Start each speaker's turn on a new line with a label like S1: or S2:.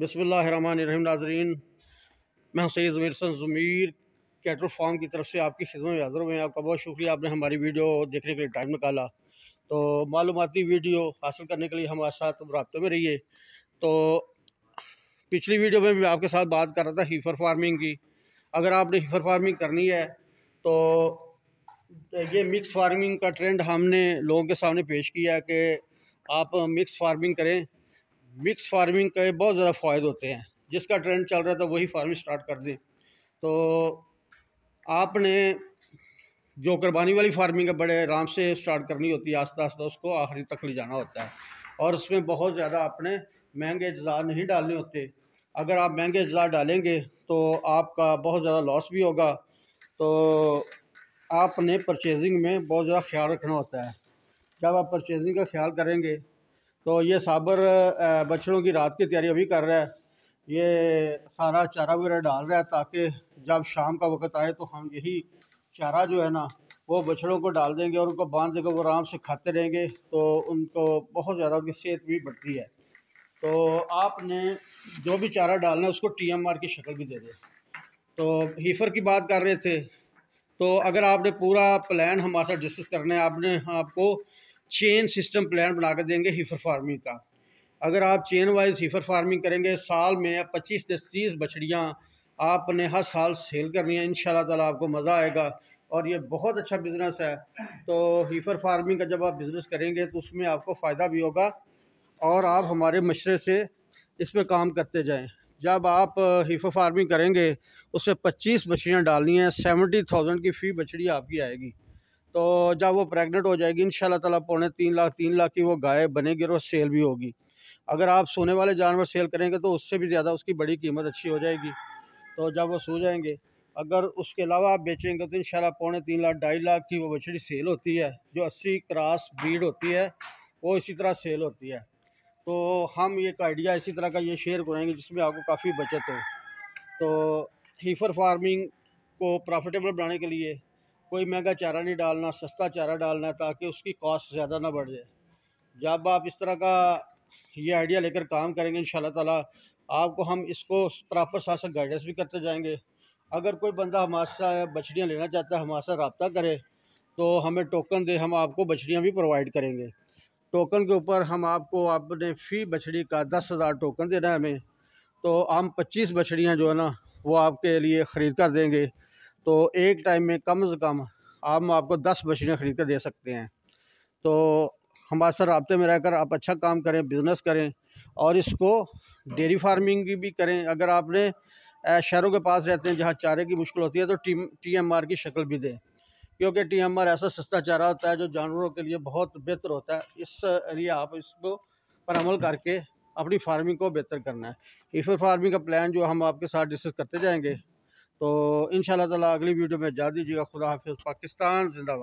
S1: बसमिल्ल नाजरीन मैं सैद मिरसन ज़मीर कैटर फार्म की तरफ से आपकी खिदमत में हाजिर हुए आपका बहुत शुक्रिया आपने हमारी वीडियो देखने के लिए टाइम निकाला तो मालूमती वीडियो हासिल करने के लिए हमारे साथ रबते में रहिए तो पिछली वीडियो में भी आपके साथ बात कर रहा था हीफर फार्मिंग की अगर आपने हीफर फार्मिंग करनी है तो ये मिक्स फार्मिंग का ट्रेंड हमने लोगों के सामने पेश किया कि आप मिक्स फार्मिंग करें मिक्स फार्मिंग के बहुत ज़्यादा फ़ायदे होते हैं जिसका ट्रेंड चल रहा था वही फार्मिंग स्टार्ट कर दें तो आपने जो कुर्बानी वाली फार्मिंग है बड़े आराम से स्टार्ट करनी होती है आस्ता तो आस्ता उसको आखिरी तक ले जाना होता है और उसमें बहुत ज़्यादा आपने महंगे अज्जा नहीं डालने होते अगर आप महंगे अज्जा डालेंगे तो आपका बहुत ज़्यादा लॉस भी होगा तो आपने परचेजिंग में बहुत ज़्यादा ख्याल रखना होता है जब आप परचेजिंग का ख्याल करेंगे तो ये साबर बछड़ों की रात की तैयारी अभी कर रहा है ये सारा चारा वगैरह डाल रहा है ताकि जब शाम का वक्त आए तो हम यही चारा जो है ना वो बछड़ों को डाल देंगे और उनको बांध देकर वो आराम से खाते रहेंगे तो उनको बहुत ज़्यादा उनकी सेहत भी बढ़ती है तो आपने जो भी चारा डालना है उसको टीएमआर की शक्ल भी दे दें तो हीफर की बात कर रहे थे तो अगर आपने पूरा प्लान हमारे साथ डिस्कस करना है आपने आपको चेन सिस्टम प्लान बना कर देंगे हीफर फार्मिंग का अगर आप चेन वाइज हीफर फार्मिंग करेंगे साल में पच्चीस से तीस बछड़ियाँ आपने हर साल सेल करनी है इन ताला आपको मज़ा आएगा और ये बहुत अच्छा बिज़नेस है तो हीफर फार्मिंग का जब आप बिज़नेस करेंगे तो उसमें आपको फ़ायदा भी होगा और आप हमारे मशरे से इसमें काम करते जाएँ जब आप हीफर फार्मिंग करेंगे उसमें पच्चीस बछड़ियाँ डालनी हैं सेवेंटी थाउजेंड की फ़ी बछड़ी आपकी आएगी तो जब वो प्रेग्नेंट हो जाएगी इन ताला पौने तीन लाख तीन लाख की वो गाय बनेगी और सेल भी होगी अगर आप सोने वाले जानवर सेल करेंगे तो उससे भी ज़्यादा उसकी बड़ी कीमत अच्छी हो जाएगी तो जब वो सो जाएंगे अगर उसके अलावा आप बेचेंगे तो इन पौने तीन लाख ढाई लाख की वो बछड़ी सेल होती है जो अस्सी क्रास ब्रीड होती है वो इसी तरह सेल होती है तो हम एक आइडिया इसी तरह का ये शेयर करेंगे जिसमें आपको काफ़ी बचत हो तो हीफर फार्मिंग को प्रॉफिटेबल बनाने के लिए कोई महंगा चारा नहीं डालना सस्ता चारा डालना है ताकि उसकी कॉस्ट ज़्यादा ना बढ़ जाए जब आप इस तरह का ये आइडिया लेकर काम करेंगे इन ताला आपको हम इसको प्रॉपर साथ साथ गाइडेंस भी करते जाएंगे अगर कोई बंदा हमारे साथ बछड़ियाँ लेना चाहता है हमारे साथ रबता करे तो हमें टोकन दे हम आपको बछड़ियाँ भी प्रोवाइड करेंगे टोकन के ऊपर हम आपको आपने फ़ी बछड़ी का दस हज़ार टोकन देना है हमें तो हम पच्चीस बछड़ियाँ जो है ना वो आपके लिए ख़रीद कर देंगे तो एक टाइम में कम से कम हम आपको दस मशीनें ख़रीद कर दे सकते हैं तो हमारे साथ रबते में रहकर आप अच्छा काम करें बिज़नेस करें और इसको डेयरी फार्मिंग की भी करें अगर आपने शहरों के पास रहते हैं जहाँ चारे की मुश्किल होती है तो टी टी एम आर की शक्ल भी दें क्योंकि टी एम आर ऐसा सस्ता चारा होता है जो जानवरों के लिए बहुत बेहतर होता है इस लिए आप इसको पर अमल करके अपनी फार्मिंग को बेहतर करना है ईफर फार्मिंग का प्लान जो हम आपके साथ डिस्कस करते जाएंगे तो इन ताला अगली वीडियो में जा दीजिएगा खुदा हाफिज़ पाकिस्तान जिंदाबाद